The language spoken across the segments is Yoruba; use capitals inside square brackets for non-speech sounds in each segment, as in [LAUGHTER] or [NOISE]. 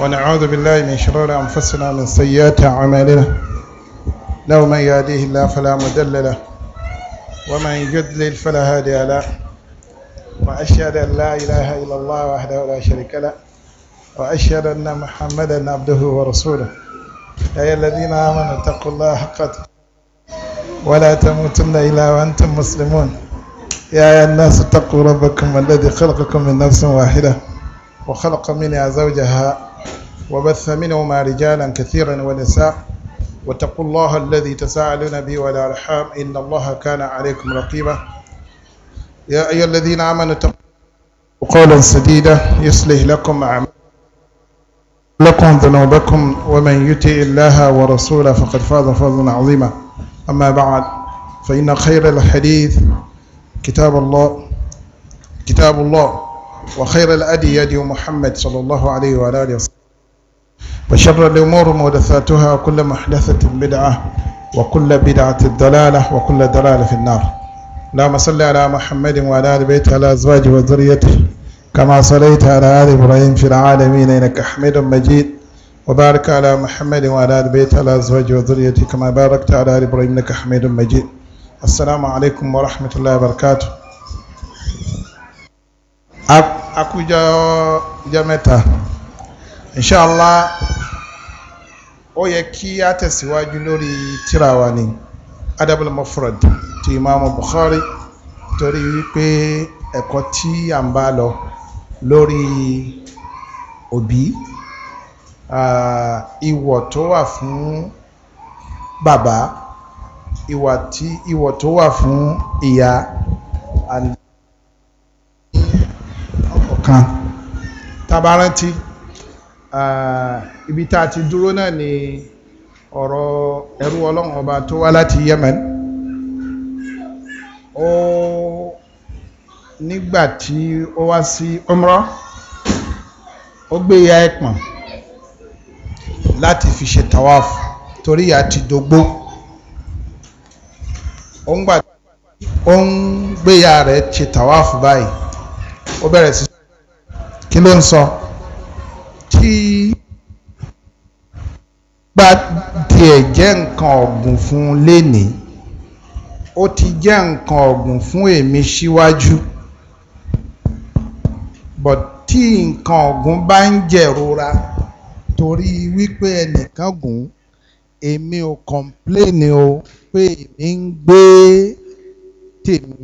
ونعوذ بالله من شرور أنفسنا من سيئات أعمالنا لو من يهديه الله فلا مدل له ومن يضلل فلا هادي له وأشهد أن لا إله إلا الله وحده لا شريك له وأشهد أن محمدا عبده ورسوله يا الذين آمنوا اتقوا الله حق ولا تموتن إلا وأنتم مسلمون يا أيها الناس اتقوا ربكم الذي خلقكم من نفس واحدة وخلق منها زوجها وبث منهما رجالا كثيرا ونساء واتقوا الله الذي تساءلون به والارحام ان الله كان عليكم رقيبا يا ايها الذين امنوا اتقوا قولا سديدا يصلح لكم لكم ذنوبكم ومن يطع الله ورسوله فقد فاز فوزا عظيما اما بعد فان خير الحديث كتاب الله كتاب الله وخير الادي يد محمد صلى الله عليه وعلى اله وسلم وشر الأمور محدثاتها وكل محدثة بدعة وكل بدعة الدلالة وكل دلالة في النار اللهم صل على محمد وعلى آل بيته على أزواجه وذريته كما صليت على آل إبراهيم في العالمين إنك حميد مجيد وبارك على محمد وعلى آل بيته على أزواجه وذريته كما باركت على آل إبراهيم إنك حميد مجيد السلام عليكم ورحمة الله وبركاته أكو جا جمتا inṣàlá ó yẹ kí a tẹ̀síwájú lórí tírawa ni adabul mufrad ti imaamu bukhari torí wípé ẹ̀kọ́ tí a ń bá lọ lórí òbí ìwọ̀ tó wà fún bàbá ìwọ̀ tó wà fún ìyá ọkọ̀kan tabarántí ibi tá a ti dúró náà ni ọ̀rọ̀ ẹrú ọlọ́run ọba tó wá láti Yemen ó nígbà tí ó wá sí umrah ó gbé ya ẹ̀pọ̀n láti fi ṣe tawaf torí ya ti dógbó ó ń gbà ó ń gbé ya rẹ̀ ṣe tawaf báyìí ó bẹ̀rẹ̀ sí kí ló ń sọ. So? tí bá tiẹ̀ jẹ́ nǹkan ọ̀gùn fún un lénìí ó ti jẹ́ nǹkan ọ̀gùn fún èmi síwájú but tí nǹkan ọ̀gùn bá ń jẹ̀rora torí wípé ẹnìkan gùn èmi ò kọ̀ǹpléènì o pé èmi ń gbé tèmi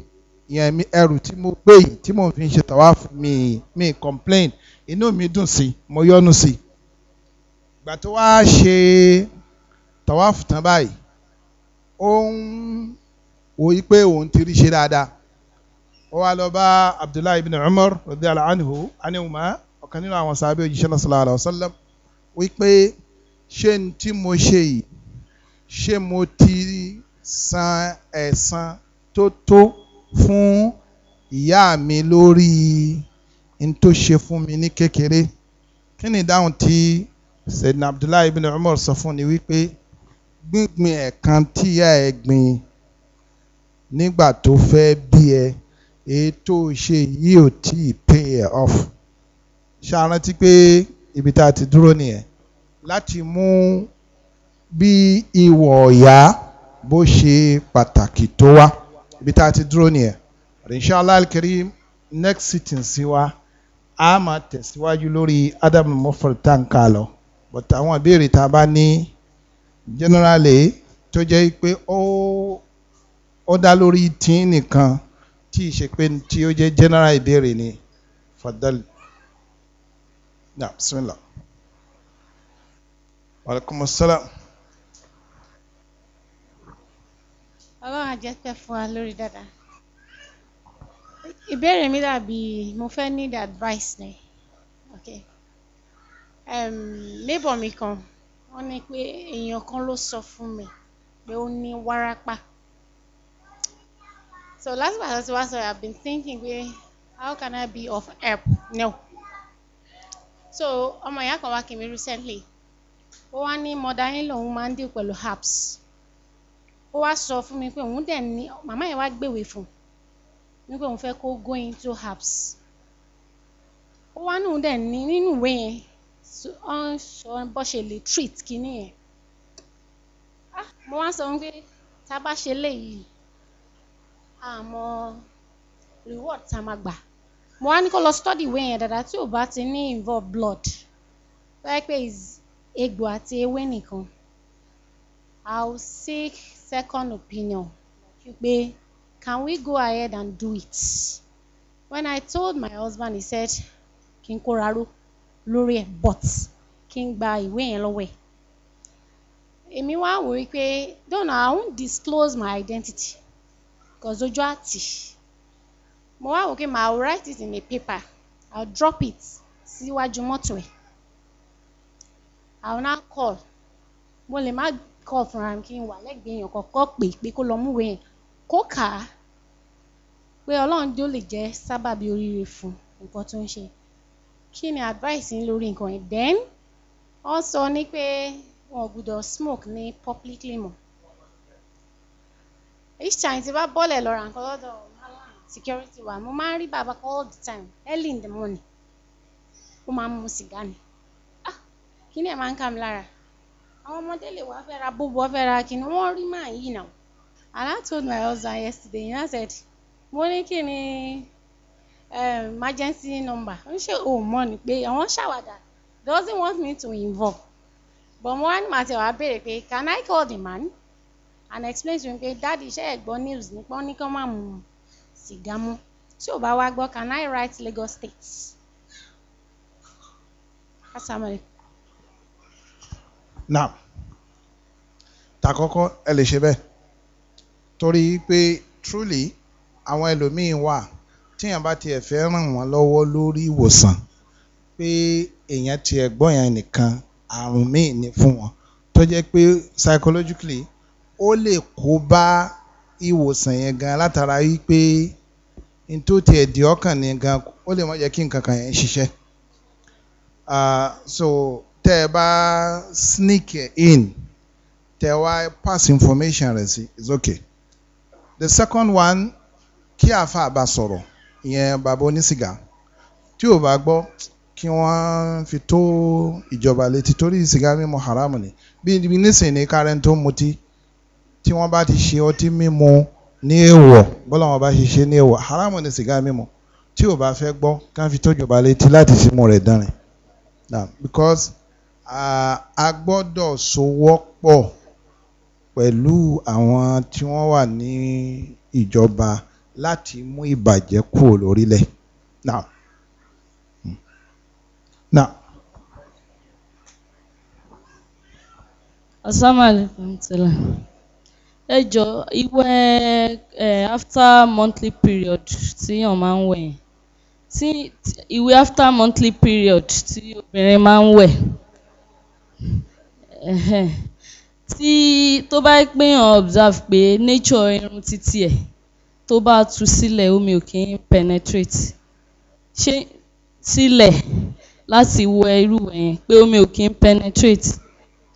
ìyẹn ẹrù tí mo gbé yìí tí mo fi ń ṣe tàwa fún mi mi kọ̀ǹpléènì inú mi dùn sí mo yọ́nú sí ìgbà tó wá ṣe tọ́wáfù tán báyìí ó ń wo pé òun ti rí ṣe dáadáa ó wá lọ bá Abdullahi ibn Umar radiyallahu anhu anihuma ọ̀kan nínú àwọn sàbẹ̀ òjíṣẹ́ náà sallallahu alayhi wa sallam wípé ṣé n tí mo ṣe yìí ṣé mo ti san ẹ̀san tó tó fún ìyá mi lórí n tó ṣe fún mi ní kékeré kí ni ìdáhùn tí Sayyidina Abdullahi ibn Umar sọ fún ni wípé gbíngbin ẹ̀kan tíyà ẹ̀ gbìn nígbà tó fẹ́ bí ẹ èyí tó ṣe yìí ò tí ì pay ẹ off ṣàrántí pé ibi tá a ti dúró nìyẹn láti mú bí ìwọ̀ ọ̀yá bó ṣe pàtàkì tó wá ibi tá a ti dúró nìyẹn inshallah al next sitting sí wa a máa tẹ̀síwájú lórí adam mufrid tá n kà lọ but àwọn ìbéèrè tá a bá ní generally tó jẹ́ pé ó ó dá lórí tí nìkan tí ì ṣe pé tí ó jẹ́ general ìbéèrè ni fadal na bismillah alaikum assalam. ọlọ́run àjẹsẹ̀ fún wa lórí dáadáa ìbéèrè mi dàbí mo fẹ́ need advice ni okay um, neighbor mi kan wọ́n ní pé èèyàn kan ló sọ fún mi pé ó ní wárápá so last but not least I have been thinking pé how can I be of help now so ọmọ ìyá kan wá kí mi recently ó wá ní mọ̀dá yín lòun máa ń deal pẹ̀lú herbs ó wá sọ fún mi pé òun dẹ̀ ní màmá yẹn wá gbèwé fún un wípé òun fẹ́ kó go into herbs ó wá nù dẹ̀ ní nínú ìwé yẹn ó ń sọ bó ṣe lè treat kínní yẹn ah mo wá sọ pé tá a bá ṣe léyìí àmọ́ reward tá a máa gbà mo wá ní kó lọ study ìwé yẹn dáadáa tí ò bá ti ní involve blood tó yẹ pé egbò àti ewé nìkan i will seek second opinion pé. Can we go ahead and do it? When I told my husband, he said, kí n kóra ró lórí ẹ̀ but kí n gba ìwé yẹn lọ́wọ́ ẹ̀. Èmi wá wò ó I won't disclose my identity because ojú àti. Mo wá wò write it in a paper, I'll drop it síwájú mọ́tò ẹ̀. I will now call. Mo lè call from king walek n wà lẹ́gbẹ̀ẹ́ èèyàn kọ̀ọ̀kan pè pé kó pé Ọlọ́run jó lè jẹ́ sábàbí oríire fún nǹkan tó ń ṣe kí ni advice yín lórí nǹkan yẹn then wọ́n sọ ní pé wọn ò gbúdọ̀ smoke ní publicly mọ́ each time tí bá bọ́lẹ̀ lọ ra nǹkan lọ́dọ̀ security wa mo máa ń rí bàbá all the time early in the morning ó máa ń mu sìgá ni ah kí ni ẹ̀ máa ń kà mí lára àwọn ọmọdé lè wá fẹ́ ra bóbó fẹ́ ra kí ni wọ́n rí màá yìí náà I told my husband yesterday and I said mo ní kí ni eh, emergency number ń ṣe òun mọ̀ ni pé àwọn ṣàwàdà doesn't want me to involve but mo wá ní màá ti wàá pé can I call the man and explain to him pé dáàdi iṣẹ́ ẹ̀gbọ́n news nípọ́n ní kán má mu sìgá mọ́ tí ò bá wá gbọ́ can I write Lagos State asalaamualeykum. now Takoko, ẹ lè ṣe bẹ́ẹ̀ torí pé truly àwọn ẹlòmíì wà tíyàn bá tiẹ̀ fẹ́ ràn wọ́n lọ́wọ́ lórí ìwòsàn pé èèyàn tiẹ̀ gbọ́ yẹn nìkan àrùn míì ni fún wọn tó jẹ́ pé psychologically ó lè kó bá ìwòsàn yẹn gan látara wípé n tó tiẹ̀ di ọkàn ni gan ó lè má jẹ́ kí nǹkan kan yẹn ṣiṣẹ́ so tẹ́ ẹ bá sneak in tẹ́ ẹ wá pass information rẹ̀ sí it's okay. The second one kí àáfà bá sọ̀rọ̀ ìyẹn bàbá onísìgá tí ò bá gbọ́ kí wọ́n fi tó ìjọba létí torí sìgá mímu haramu ni bí nísìnyí kárẹ́ni tó mutí tí wọ́n bá ti ṣe ọtí mímu ní èèwọ̀ bọ́lá wọn bá ṣe ṣe ní èèwọ̀ haramu ni sìgá mímu tí ò bá fẹ́ gbọ́ ká fi tó ìjọba létí láti símú rẹ̀ dánrin because a gbọ́dọ̀ sowọ́pọ̀ pẹ̀lú àwọn tí wọ́n wà ní ìjọba láti mú ìbàjẹ́ kúrò lórílẹ̀ now hmm. now. asalaamualeykum tila ẹ jọ ìwẹ̀ ẹ after monthly period tí èèyàn máa ń wẹ̀ yẹn tí ìwẹ̀ after monthly period tí obìnrin máa ń wẹ̀ tí tó bá pèèyàn observe pé nature irun títí ẹ̀ tó bá tu sílẹ̀ omi ò kí ń penetrate ṣé sílẹ̀ láti wẹ irú wẹ̀ yẹn pé omi ò kí ń penetrate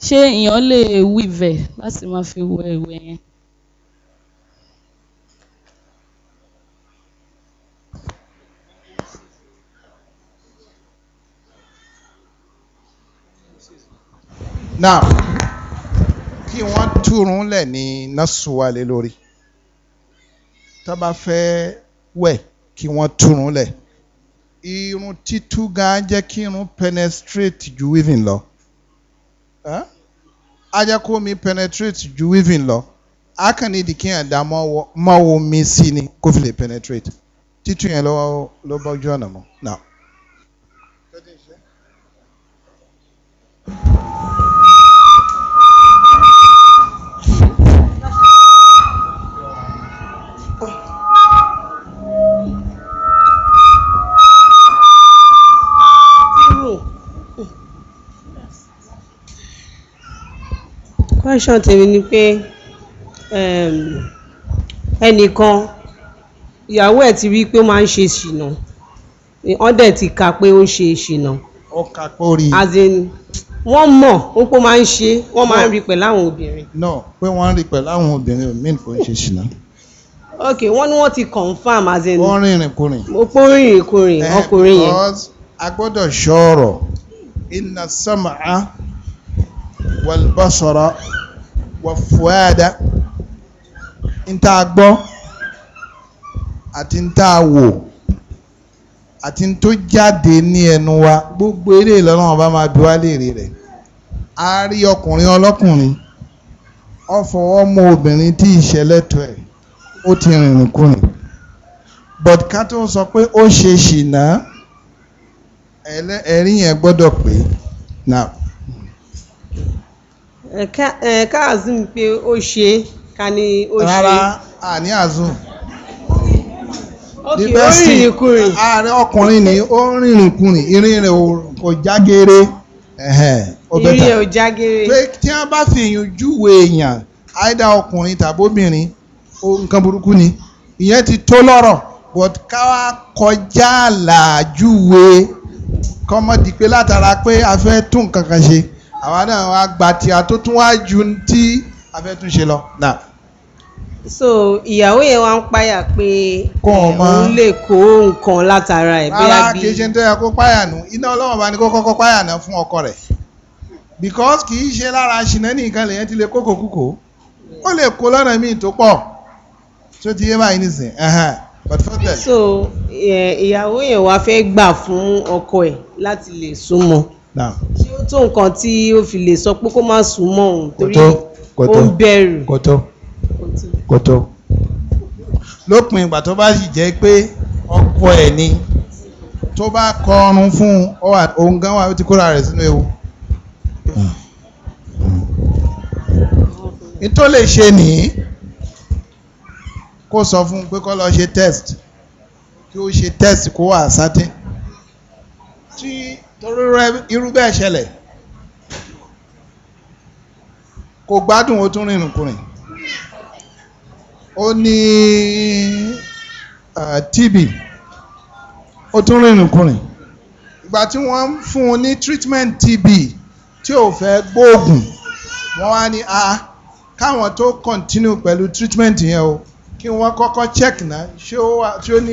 ṣé èèyàn lè weave ẹ̀ láti máa fi wẹ ìwẹ̀ yẹn. now kí wọ́n túrun lẹ̀ ní nasuwa lórí tó bá fẹ́ wẹ̀ kí wọ́n túrun lẹ̀ irun títú gan jẹ́ kí irun penetrate ju weaving lọ á jẹ́ kó mi penetrate ju weaving lọ á kàn ní ìdí kí yàn dá mọ́ omi sí ni kó fi lè penetrate títú yẹn ló ló bọ́jú ọ̀nà mọ́ now. conclusion tèmi ni pé ehm, ẹnìkan ìyàwó ẹ̀ ti rí i pé ó máa ń ṣe ṣìnà wọ́n dẹ̀ ti kà pé ó ń ṣe ṣìnà. ó kà pé ó rí i. as in wọ́n mọ̀ ó pé ó máa ń ṣe wọ́n máa ń rí i pẹ̀lú àwọn obìnrin. no pé wọ́n ń rí i pẹ̀lú àwọn obìnrin mean kò ń ṣe ṣìnà. ok wọ́n ní wọ́n ti confam as in. wọ́n rìnrìn kùnrin. ó rìnrìn kùnrin eh, ọkùnrin yẹn. because a gbọ́dọ̀ ṣọ́ ọ̀rọ̀ inna sam'a wal basara wà fúáàdá níta gbọ́ àti níta wò àti tó jáde ní ẹnu wa gbogbo eré ìlànà ọba máa bí wá léèrè rẹ̀ a rí ọkùnrin ọlọ́kùnrin ó fọwọ́ obìnrin tí ìṣẹ̀lẹ̀ tó ẹ̀ ó ti rìnrìn kùnrin but ká tó sọ pé ó ṣe ṣìnà ẹ̀rí yẹn gbọ́dọ̀ pé now ká azum pé ó ṣe ká ní ó ṣe. rárá àní azum. ok ó rìnrìn kùnrin. ààrẹ ọkùnrin ni ó rìnrìn kùnrin irin rẹ̀ kò jágere irin rẹ̀ ò jágere. pé tí wọ́n bá fi ìyún júwe èèyàn àìdá ọkùnrin tàbí obìnrin nǹkan burúkú ni ìyẹn ti tó lọ́rọ̀ but ká wá kọjá làájúwe kọ́mọ́dé pé látara pé a fẹ́ tún nǹkan ṣe àwa náà wá gba tí a tó tún wá ju tí a fẹ́ tún ṣe lọ. so ìyàwó yẹn wá ń páyà pé eh, òun lè kó nǹkan látara ẹ̀ bí a bí. ara kìí ṣe ń tẹ́yà kó páyà nù iná ọlọ́wọ́n bá ní kó kọ́kọ́ páyà náà fún ọkọ rẹ̀ because kìí ṣe lára ṣìnà nìkan lèyẹn ti lè kókò kúkò ó lè kó lọ́nà míì tó pọ̀ tó ti yé báyìí nísìnyí but for that. so eh, ìyàwó yẹn wá fẹ́ gbà fún ọkọ ẹ̀ láti lè súnmọ́ ṣé ó tó nǹkan tí ó fi lè sọ pé kó má sùn mọ́ òun torí ó ń bẹ̀rù. kò tó kò tó lópin ìgbà tó bá sì jẹ́ pé ọkọ ẹ̀ ni tó bá kọ ọrùn fún òun gan wà ó ti kóra rẹ̀ sínú ewu. ìtò lè ṣe nìyí kó sọ fún un pé kó lọ ṣe test kí ó ṣe test kó wà sátẹ́ torí irú bẹ́ẹ̀ ṣẹlẹ̀ kò gbádùn ó tún rìnrìn kùnrin ó ní TB ó tún rìnrìn kùnrin ìgbà tí wọ́n ń fún un ní treatment TB tí ò fẹ́ gbóògùn wọ́n wá ní a káwọn tó continue pẹ̀lú treatment yẹn o kí wọ́n kọ́kọ́ check náà ṣé ó ní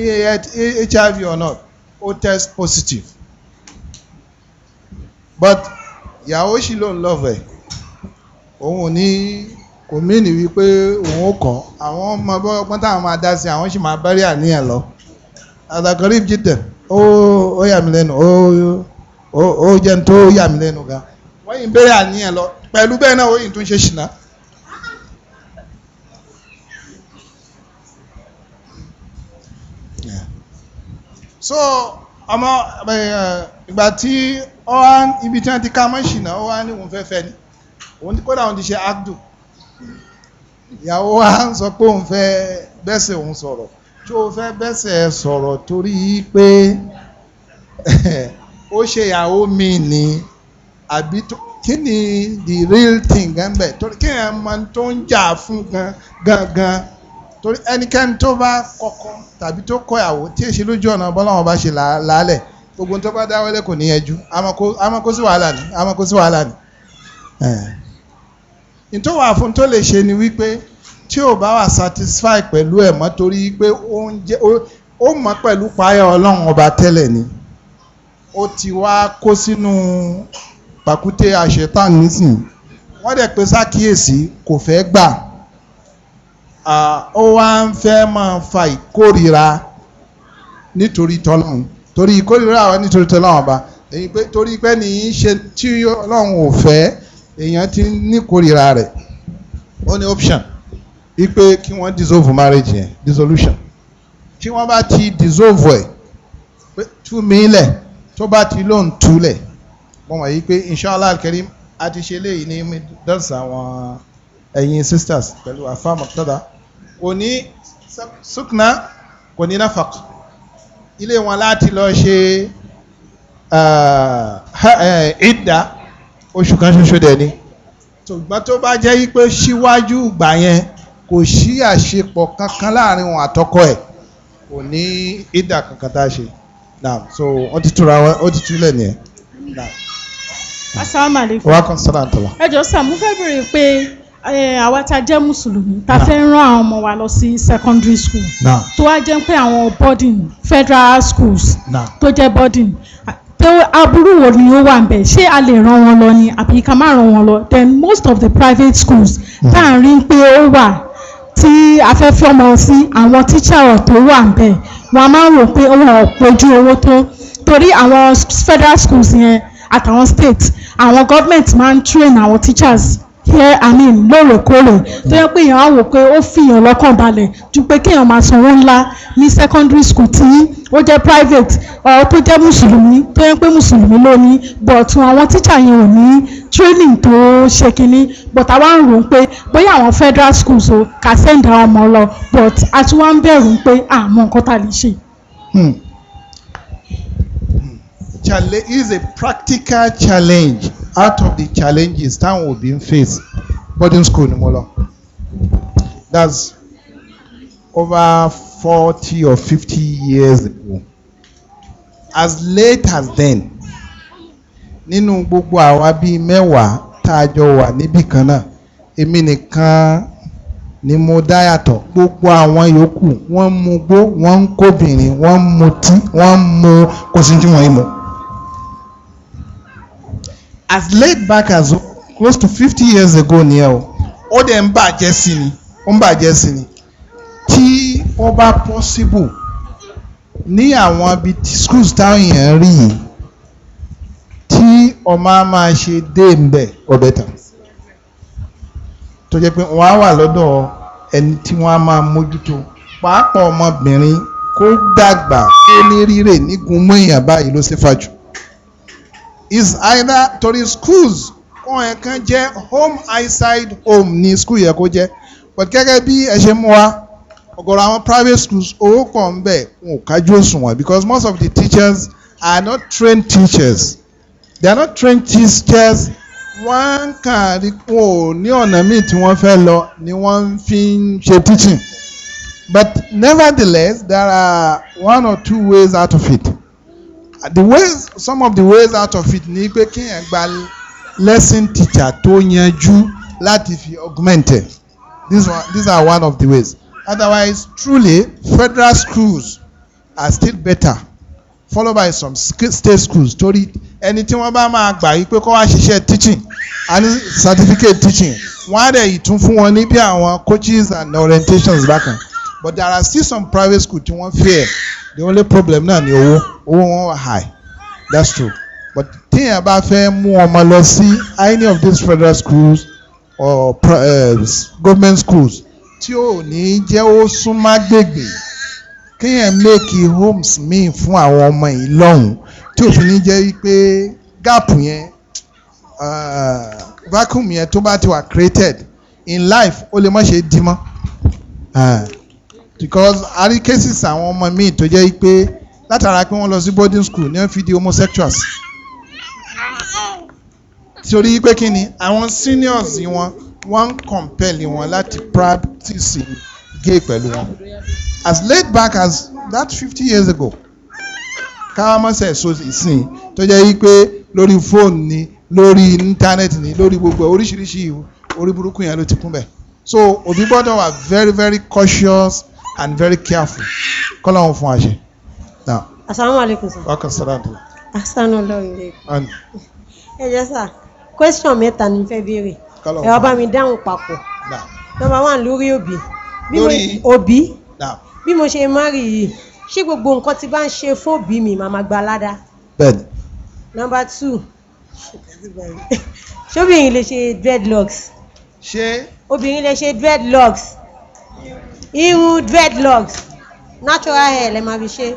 HIV or not ó test positive but ìyàwó sì ló ń lọ́fẹ̀ẹ́ òun ò ní kò mìíní wípé òun ò kọ́ àwọn ọmọ ọgbọ́n táwọn máa dá sí àwọn sì máa bẹ́rí àníyàn lọ àtàkọ́rí jí tẹ̀ ó yà mí lẹ́nu ó jẹ́ ní tó yà mí lẹ́nu gan wọ́n yìí bẹ́rí àníyàn lọ pẹ̀lú bẹ́ẹ̀ náà ó tún ṣe ṣìnà. so ọmọ ìgbà tí ọwá ibi tí wọ́n ti ká mọ́ṣìnà ọwá ní òun fẹ́ fẹ́ ni òun ti kódà òun ti ṣe agdo ìyàwó wa ń sọ pé òun fẹ́ bẹ́sẹ̀ òun sọ̀rọ̀ tí ó fẹ́ bẹ́sẹ̀ sọ̀rọ̀ torí pé [LAUGHS] ó ṣe ìyàwó mi ni àbí kí ni the real thing gan bẹ̀ torí kí ni ẹ̀ma tó ń jà fún gan gan gan torí ẹnikẹ́ni tó bá kọ́kọ́ tàbí tó kọ́ ìyàwó tí èṣe lójú ọ̀nà bọ́lá wọn bá ṣe làálẹ̀. La gbogbo tó bá dáwọ́lé kò ní ẹjú amako sí wàhálà ni amako sí wàhálà ni. ìtòwà fún tó lè ṣe ni wípé tí ò bá wà satisfy pẹ̀lú ẹ̀ mọ́ torí pé ó mọ̀ pẹ̀lú páyà ọlọ́run ọba tẹ́lẹ̀ ni ó ti wá kó sínú pàkúté àṣetán nísìn wọ́n dẹ̀ pé sákìyèsí kò fẹ́ gbà ó wá ń fẹ́ máa fa ìkórira nítorí tọ́lọ́run torí ìkórìíra àwọn nítorí tọ́lá wọn ba èyí pé torí pé ní í ṣe tí ọlọ́run ò fẹ́ èèyàn ti ní ìkórìíra rẹ̀ ó ní option ipe kí wọ́n dissolve marriage yẹn dissolution tí wọ́n bá ti dissolve ẹ̀ pé tú mi lẹ̀ tó bá ti lóun túlẹ̀ mo mọ̀ yí pé inshallah kẹrin a ti ṣe léyìí ní dọ́sà àwọn ẹ̀yin sisters pẹ̀lú afa mọ̀tọ́dà kò ní sukna kò ní nafaq ilé wọn láti lọ ṣe ìdá uh, eh, oṣù kan ṣoṣo dẹ̀ ni ṣùgbọ́n tó bá jẹ́ pé síwájú ìgbà yẹn kò sí àṣepọ̀ kankan láàrin wọn àtọkọ ẹ̀ kò ní ìdá kankan tá a ṣe naam so wọ́n ti túra wọn ó ti túlẹ̀ nìyẹn naam. asalaamualeykum. wa kan sara n ẹ jọ sàmúfẹ́ bèrè pé Eh, àwa tá a jẹ́ mùsùlùmí tá a fẹ́ rán àwọn ọmọ wa lọ sí secondary school tó wá jẹ́ pé àwọn boarding federal schools tó jẹ́ boarding tó aburú wo ni ó wà ń bẹ̀ ṣé a lè rán wọn lọ ni àbí ká má rán wọn lọ then most of the private schools hmm. tá à ń rí pé ó wà tí afẹ́fẹ́ ọmọ sí àwọn tíṣà tó wà ń bẹ̀ wọ́n máa ń rò pé wọn ò pojú owó tó torí àwọn federal schools yẹn àtàwọn state àwọn government máa ń train àwọn teachers here I mean lóòrèkóòrè tó yẹ pé èèyàn á wò pé ó fi èèyàn lọ́kàn balẹ̀ ju pé kéèyàn máa sanwó ńlá ní secondary school tí ó jẹ́ private ọ̀ tó jẹ́ mùsùlùmí tó yẹ pé mùsùlùmí ló ní bọ̀tún àwọn tíṣà yẹn ò ní training tó ṣe kínní but àwa ń ròó pé bóyá àwọn federal schools o kà sẹ́ǹdà ọmọ lọ but a tún wá ń bẹ̀rù pé àmọ́ nǹkan tá a lè ṣe. Hmm. Hmm. Challenge is a practical challenge out of the challenges táwọn òbí ń face boarding school ni mo lọ that's over forty or fifty years ago as late as then nínú gbogbo àwa bíi mẹ́wàá tá a jọ wà níbì kan náà èmi nìkan ni mo dá yàtọ̀ gbogbo àwọn yòókù wọ́n mu gbó wọ́n ń kóbìnrin wọ́n ń mutí wọ́n ń mu kò sí tí wọ́n yìí mu as late back as close to fifty years ago ni ẹ o ó dẹ̀ ń bàjẹ́ sí ni ó ń bàjẹ́ sí ni tí ó bá possible ní àwọn ibi schools táwọn èèyàn rí yìí tí ọmọ á máa ṣe dé ńbẹ ọbẹ̀ tán tó jẹ́ pé wọ́n á wà lọ́dọ̀ ẹni tí wọ́n á máa mójútó pàápàá ọmọbìnrin kó dàgbà kó ní rírè nígun mọ́ èèyàn báyìí ló ṣe fàjù is either torí schools wọn yẹn kan jẹ́ home inside home ni school yẹ kó jẹ́ but gẹ́gẹ́ bí ẹ ṣe mú wa ọ̀gọ̀rọ̀ àwọn private schools owó kan ń bẹ wọn ò kájú òṣùwọ̀n because most of the teachers are not trained teachers they are not trained teachers wọ́n kàn rí wọn ò ní ọ̀nà míì tí wọ́n fẹ́ lọ ni wọ́n fi ń ṣe teaching but nevertheless there are one or two ways out of it the ways some of the ways out of it ni pé kéèyàn gba lesson teacher tó yanjú láti fi augment ẹ̀ this one these are one of the ways otherwise truly federal schools are still better followed by some state schools torí ẹni tí wọ́n bá máa gbà yí pé kó wá ṣiṣẹ́ teaching and certificate teaching wọ́n á dẹ̀ ìtún fún wọn ní bí àwọn coaches and orientations bákan but there are still some private schools tí wọ́n fear the only problem now, ni owó owó wọn wà high that's true but téèyàn bá fẹ́ mú ọmọ lọ sí any of these federal schools or uh, government schools tí ò ní jẹ́ ó súnmọ́ gbègbè kéèyàn make homes mean fún àwọn ọmọ yìí lọ́hùn tí ò fi ní jẹ́ pé gap yẹn eh, vacuum yẹn tó bá ti wà created in life ó lè má ṣe dí mọ́. Eh because a rí cases àwọn ọmọ míì tó jẹ́ pé látara pé wọ́n lọ sí boarding school ní wọ́n fi di homosexuals torí pé kí ni àwọn seniors wọn wọ́n ń compel wọn láti practice gay pẹ̀lú wọn as late back as that fifty years ago káwámọ́sẹ̀ so ìsìn tó jẹ́ pé lórí fóònù ni lórí íńtánẹ́ẹ̀tì ni lórí gbogbo oríṣiríṣi orí burúkú yẹn ló ti kún bẹ̀ so òbí gbọ́dọ̀ wà very very cautious and very careful kọ́lá wọn fún àṣẹ. asalaamualeykum sir. wákàtí sara àti. asanu lọ́yìn lè. ẹ jẹ́ sà question mẹ́ta ni fẹ́ béèrè ẹ wá bá mi dáhùn papọ̀ number one lórí òbí lórí òbí bí mo ṣe márì yìí ṣé gbogbo nǹkan tí bá ń ṣe fóòbí mi màmá gba ládá. bẹ́ẹ̀ni. number two ṣé obìnrin lè ṣe dreadlocks. ṣé. obìnrin lè ṣe dreadlocks irun dreadlocks natural hair lè máa fi ṣe.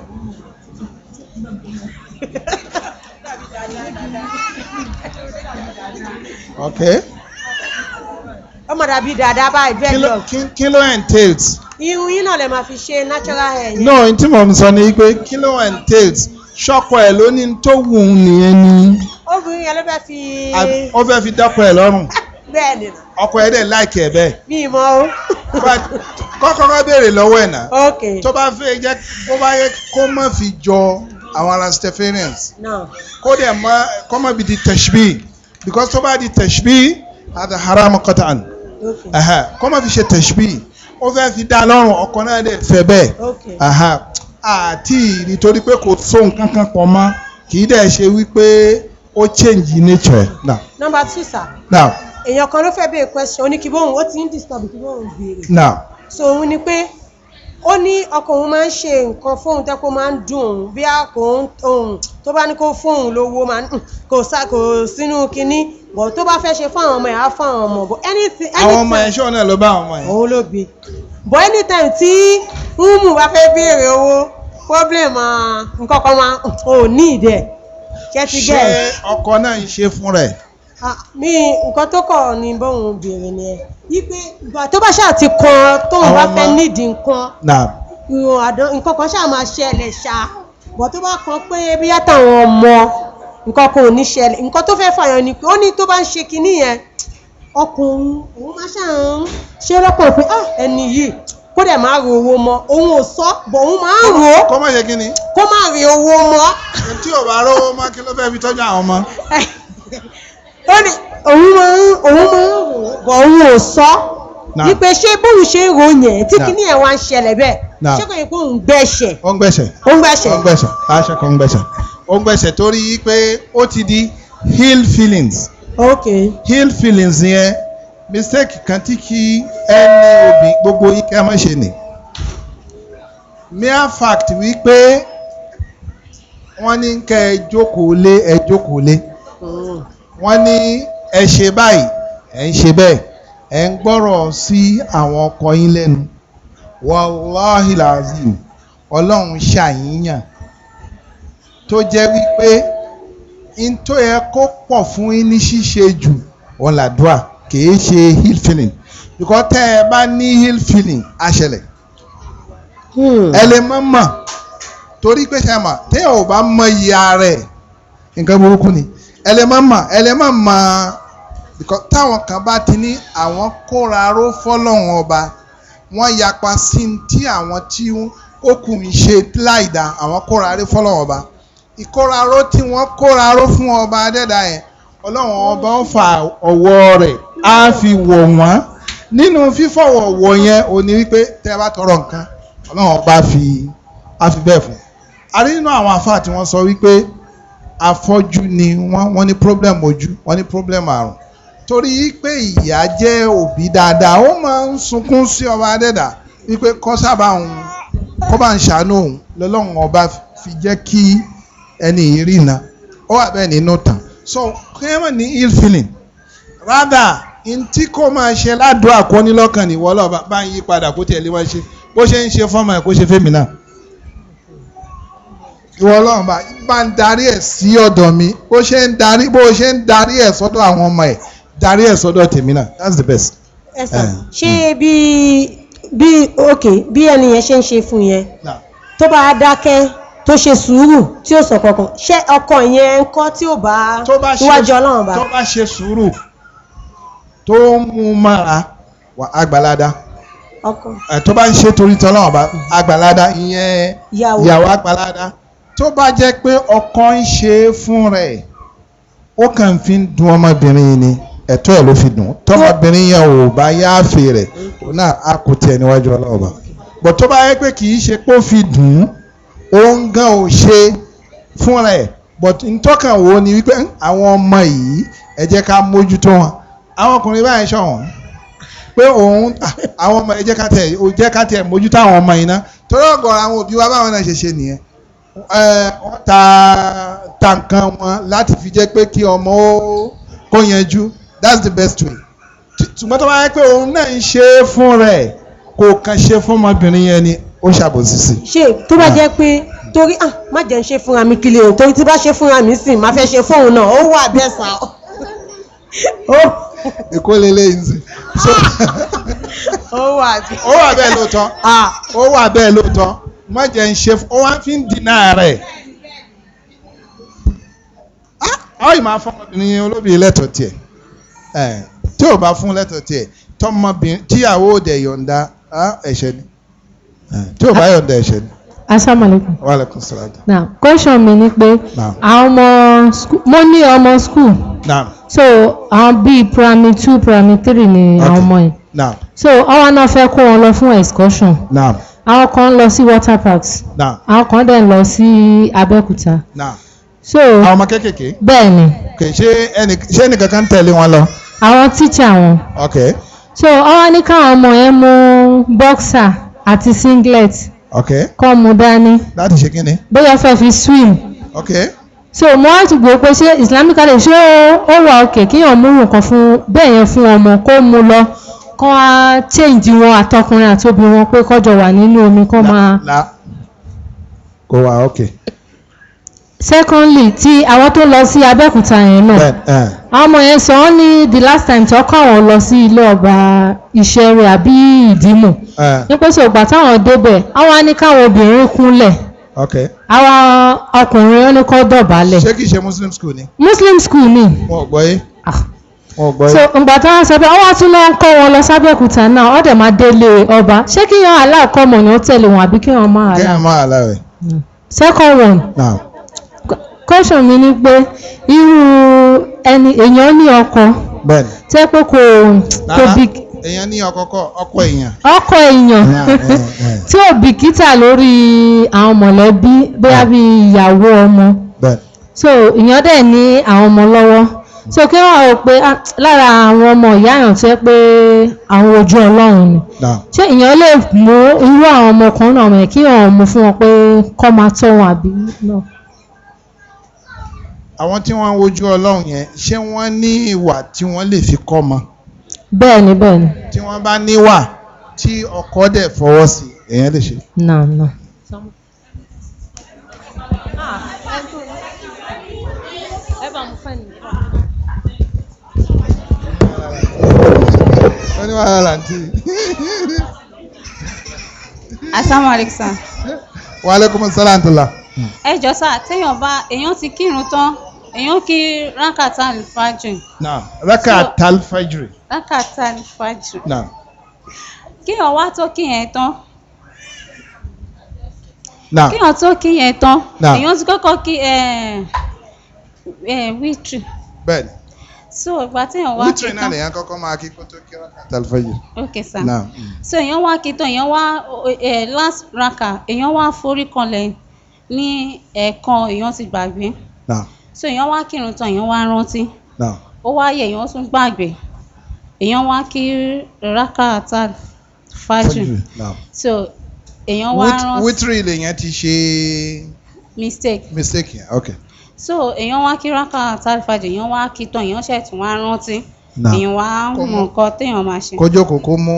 ok. ọmọ dàbí dàda báyìí dreadlocks. kí ló entails. irun yìí náà lè máa fi ṣe natural hair. no n tí mo sọ ni pé kí ló entails ṣọkọ ẹ ló ní tó wù ú nìyẹn ni. obìnrin yẹn ló fẹ́ fi. ó fẹ́ fi dọ́kọ ẹ lọ́rùn. [LAUGHS] bẹ́ẹ̀ ni ọkọ ẹ dẹ̀ láìkì ẹ bẹ́ẹ̀. mi mọ o. kọ́kọ́rọ́ béèrè lọ́wọ́ ẹ̀ náà. ok tó bá fẹ́ jẹ́ kó bá yẹ kó má fi jọ àwọn ara stephanians. no. kó dẹ̀ má kó má bi di tẹ̀sibí because tó bá di tẹ̀sibí àti haram kọ́tàn. ok kó má fi ṣe tẹ̀sibí ó fẹ́ fi dá lọ́rùn ọkọ náà dẹ̀ fẹ́ bẹ́ẹ̀. ok àti nítorí pé kò sóhun kankan pọ̀ mọ́ kì í dẹ̀ ṣe wípé ó change nature. now. number two sir. now èèyàn kan ló fẹ́ bẹ́ẹ̀ question ó kí bóun ó ti ń disturb kí bóun béèrè. now so òun ni pé ó ní ọkọ òun máa ń ṣe nǹkan fóun tẹ́ kó máa ń dùn òun bí àkó òun tó bá ní kó fóun lówó máa ń kò sá kò sínú kinní bọ̀ tó bá fẹ́ ṣe fún àwọn ọmọ ẹ̀ á fún àwọn ọmọ bọ̀ anything anything. àwọn ọmọ ẹ̀ ṣọ́ náà ló bá àwọn ọmọ ẹ̀. òun ló bí bọ̀ anytime tí umu bá fẹ́ béèrè owó problem nǹkan kan máa ò ní ìdẹ̀ kẹ́tígẹ́. ṣé ọkọ náà ń ṣe fún rẹ̀. mi nkan tó kọ ni bóun béèrè ni ẹ wípé ìgbà tó bá ṣáà ti kan tóun bá fẹ́ nídìí nǹkan nǹkan kan ṣáà máa ṣẹlẹ̀ ṣá bọ̀ tó bá kan pé bí yàtọ̀ ọmọ nǹkan kan ò ní nǹkan fẹ́ ni pé ó ní tó bá ń ṣe kinní yẹn ọkùnrin òun máa ṣáà ń ṣe pé ah, ẹni yìí kó dẹ̀ má yẹ owó tí ò ó ní òun máa ń òun máa ń rò bọ̀ òun ò sọ wípé ṣé bóun ṣe ń ro yẹn tí kinní ẹ̀ wá ń ṣẹlẹ̀ bẹ́ẹ̀ ṣé kò yẹ kó òun gbẹ̀ṣẹ̀. ó ń gbẹ̀ṣẹ̀ ó ń gbẹ̀ṣẹ̀ aṣọ ń gbẹ̀ṣẹ̀ ó ń gbẹ̀ṣẹ̀ torí pé ó ti di heal feelings. ok heal feelings yẹn mistake kan tí kí ẹni òbí gbogbo ike ọmọ ṣe ni mere fact wípé wọ́n ní kẹ́ ẹ jókòó lé ẹ jókòó lé. Hmm wọ́n ní ẹ ṣe báyìí ẹ ń ṣe bẹ́ẹ̀ ẹ ń gbọ́rọ̀ sí àwọn ọkọ yín lẹ́nu wàláhì làzìm ọlọ́run ṣàyíyàn tó jẹ́ wípé in tó yẹ kó pọ̀ fún yín ní ṣíṣe jù wọn làdúrà kìí ṣe hill feeling because tẹ́ ẹ bá ní hill feeling àṣẹlẹ̀ hmm. ẹ lè mọ̀ mọ̀ torí pé ṣe mọ̀ tẹ́ ò bá mọ iye ara ẹ̀ nǹkan burúkú ni ẹlẹ́mọ̀mà ẹlẹ́mọ̀mà táwọn kan bá ti ní àwọn kóra ró fọ́lọ́hún ọba wọ́n yapa sí ti àwọn tí ó kù ń ṣe láìda àwọn kóra ró fọ́lọ́hún ọba ìkóra ró tí wọ́n kóra ró fún ọba adẹ́dá yẹn ọlọ́run ọba ó fa ọwọ́ rẹ̀ á fi wọ̀ wọ́n nínú fífọwọ́ wọ̀ yẹn ò ní wípé tẹ́ bá tọrọ nǹkan ọlọ́run ọba á fi bẹ́ẹ̀ fún un a nínú àwọn àfáà tí wọ́n sọ wípé afọ́jú ni wọ́n wọ́n ní problem ojú wọ́n ní problem àrùn torí pé ìyá jẹ́ òbí dáadáa ó máa ń sunkún sí ọba adẹ́dà wípé kọ́ sábà òun kọ́ bá ń ṣàánú òun lọ́lọ́run ọba fi jẹ́ kí ẹni yìí rìnà ó wà bẹ́ẹ̀ nínú tàn so kẹ́mọ̀ ní ill feeling rather n tí kò máa ṣe ládùúgbò àkọ́nilọ́kàn ní wọ́lọ́ba bá ń yí padà kó tiẹ̀ lè máa ṣe bó ṣe ń ṣe fọ́ọ̀mù ẹ̀ kó ṣe fẹ́mi náà ìwọ ọlọ́run bá bá ń darí ẹ̀ sí ọ̀dọ̀ mi bó ṣe ń darí bó ṣe ń darí ẹ̀ sọ́dọ̀ àwọn ọmọ ẹ̀ darí ẹ̀ sọ́dọ̀ tèmi náà that's the best. ẹ sọ eh, ṣé hmm. bí bí ok bí ẹni yẹn ṣe ń ṣe fún yẹn tó bá dákẹ́ tó ṣe sùúrù tí ó sọ kankan ṣé ọkọ yẹn ń kọ́ tí ò bá níwájú ọlọ́run bá. tó bá ṣe sùúrù tó ń mú mára wà àgbàládá eh, tó bá ń ṣe torí tọ́lọ́run bá àgbàládá ìyẹn ìyàwó àgbàládá tó bá jẹ́ pé ọkọ ń ṣe é fún rẹ̀ ó kàn fi ń dun ọmọbìnrin yìí ni ẹ̀tọ́ ẹ̀ ló fi dùn tọmọbìnrin yẹn ò bá yááfì rẹ̀ náà a kò tiẹ̀ níwájú ọlọ́ọ̀bà bọ̀ tó bá yẹ pé kì í ṣe pé ó fi dùn òun gan ò ṣe fún rẹ̀ bọ̀ ntọ́kàn wo ni wípé hm, àwọn ọmọ yìí ẹ jẹ́ ká mójútó wọn àwọn ọkùnrin báyìí ṣọ̀wọ́n pé òun ah, àwọn ọmọ ẹ jẹ́ ká tẹ̀ mójútó àwọn ọmọ yìí ná torí ọ̀gọ̀ àwọn òbí wa báwọn náà ṣe ṣe nìyẹn wọ́n ta ta nǹkan wọn láti fi jẹ́ pé kí ọmọ ó kó yanjú that's the best way ṣùgbọ́n tó bá yẹ pé òun náà ń ṣe é fún rẹ̀ kò kàn ṣe fún ọmọbìnrin yẹn ni ó ṣàbòsí sí. ṣe tó bá ah. jẹ́ pé torí ah má jẹ́ ń ṣe fúnra mi kílẹ̀ o torí tí bá ṣe fúnra mi sìn máa fẹ́ ṣe fóun náà ó wà bẹ́ẹ̀ sá. [LAUGHS] Oh, èkó lélẹ̀ yìí sí. [LAUGHS] ó wà bẹ́ẹ̀ lóòótọ́ ah. ó wà bẹ́ẹ̀ lóòótọ́ má jẹ́ ń ṣe ó wá fi ń dínà rẹ̀ àwọn ah, ìmọ̀ afọmọbìnrin olóbìnrin lẹ́tọ̀ tiẹ̀ tí ò bá fún lẹ́tọ̀ tiẹ̀ tọmọbìnrin tíyàwó òde yọ̀ǹda ah, ẹ̀ṣẹ̀ ni tí ò bá yọ̀ǹda ẹ̀ṣẹ̀ ni. asalaamualeykum. wa aleykum salaam. na question mi ni pé àwọn ọmọ mo ní ọmọ school. na so àwọn bíi primary two primary three ni àwọn ọmọ yìí. na so ọwọ́ náà fẹ́ kó wọn lọ fún excursion. na àwọn kan ń lọ sí water parks àwọn kan dẹ̀ ń lọ sí Abẹ́òkúta so àwọn ọmọ kéékèèké bẹ́ẹ̀ ni ṣé ẹnì ṣé ẹnì kankan tẹ̀lé wọn lọ. àwọn tíṣà wọn okay. so ọwọ́ ní káwọn ọmọ yẹn mú boxer àti singlet okay. kọ́ mu dání láti ṣe kí ni. bóyá fẹ́ fi swim. Okay so mo wá ti gbọ́ pé ṣé islamic college ṣé ó wà òkè kéèyàn múrùn kan fún bẹ́ẹ̀ yẹn fún ọmọ kó mu lọ kọ́ á change wọn àtọkùnrin àtóbi wọn pé kọ́jọ wà nínú omi kọ́ máa. kò wá ok. secondly tí àwọn tó lọ sí Abẹ́òkúta yẹn náà àwọn ọmọ yẹn sọ ọ́ ní the last time tó kọ́ àwọn lọ sí ilé ọba ìṣeré àbí ìdímọ̀ nípa ìṣògbà táwọn débẹ̀ àwọn á ní káwọn obìnrin kúnlẹ̀ àwọn ọkùnrin ó ní dọ̀bálẹ̀. ṣé kìí ṣe muslim school ni. muslim school ni. wọn ò gbọ́ yé. so tí wọ́n sọ pé ọwọ́ tún wọn lọ sábẹ́òkúta ọba ṣé kí yan aláà wọn àbí kí yan máa aláà. kí yan máa aláà rẹ̀. second ni pé irú ẹni èèyàn ní ọkọ. bẹ́ẹ̀ni. tẹ́ pé kò kò bí. èèyàn ní ọkọ kọ ọkọ èèyàn. ọkọ èèyàn tí ò bìkítà lórí àwọn mọ̀lẹ́bí bí ọmọ. so kí wọ́n rò pé ah, lára àwọn ọmọ ìyá èèyàn tẹ́ pé àwọn ojú ọlọ́run ni ṣé èèyàn lè mú irú àwọn ọmọkùnrin náà mẹ́ kí wọ́n mú fún wọn pé kọ́ máa tọ́ wọn àbí náà. àwọn tí wọ́n ń wojú ọlọ́run yẹn ṣé wọ́n ní ìwà tí wọ́n lè fi kọ́ mọ. bẹ́ẹ̀ ni bẹ́ẹ̀ ni. tí wọ́n bá níwà tí ọkọ dẹ̀ fọwọ́ sí èèyàn lè ṣe. náà náà. wọ́n ní wàhálà làǹtì. asalaamualeykum sir. wa aleykum salaam tula. ẹ jọ sá téèyàn bá èèyàn ti kírun tán èèyàn kí rákàtà alifajiri. naam rákàtà alifajiri. rákàtà alifajiri. naam. kíyàn wá tó kíyàn tán kí wọn tó kí yẹn tán èèyàn ti kọ́kọ́ kí eh, eh, wítìrì. bẹ́ẹ̀ni so ìgbà tí èèyàn wá kí tán wítìrì náà lèèyàn kọ́kọ́ máa kí kó tó kí rákà tàlùfẹ́yì. ok sir now so mm. èèyàn wá kí tán èèyàn wá eh, last rákà èèyàn wá forí kanlẹ̀ ní ẹ̀ẹ̀kan èèyàn ti gbàgbé now so èèyàn wá kírun tán èèyàn wá rántí now ó wá yẹ èèyàn tún gbàgbé èèyàn wá kí rákà tàlùfẹ́yì now so èèyàn wá rántí. wítìrì lèèyàn ti ṣe. mistake mistake yẹn yeah. ok so èèyàn wá kí rákà tálífàjì èèyàn wá kí tán èèyàn ṣẹ̀ tún wá rántí èèyàn wá mọ nǹkan téèyàn máa ṣe. kójó kò kó mú